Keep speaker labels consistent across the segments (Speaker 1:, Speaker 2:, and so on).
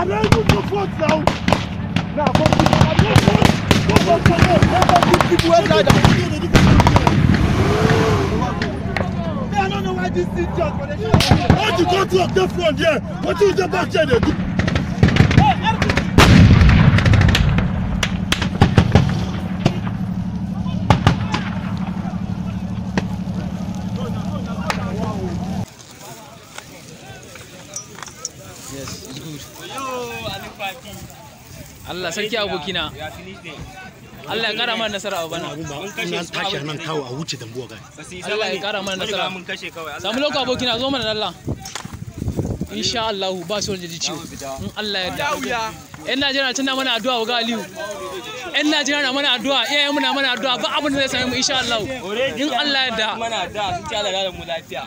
Speaker 1: I don't even go vote now. Now, I don't vote. Go vote for them. I don't know why this is just. What you go to the front here? What you the back do? Yes, it's good. Yo, Allah sarki abokina. Allah ya kara mana nasara a bana. Ina tashi nan kawo Allah ya kara mana nasara. Samu lokacin zo mana Allah. Insha Allah ba su wani ciwo. In Allah ya da. Yan Najeriya tana mana addu'a ga Aliyu. Yan Najeriya na mana addu'a, iyayen mu na mana addu'a ba abin da zai same mu insha Allah. In Allah ya da. Mana addu'a sun ci Allah ya mu lafiya.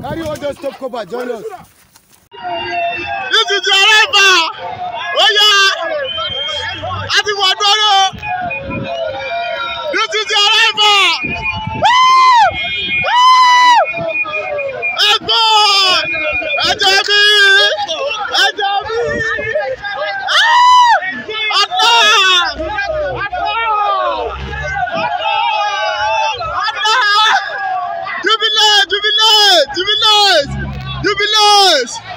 Speaker 1: Carry all those top cover, join us. This is your rival. Oh yeah. Ati Wadoro. This is your rival. You be nice.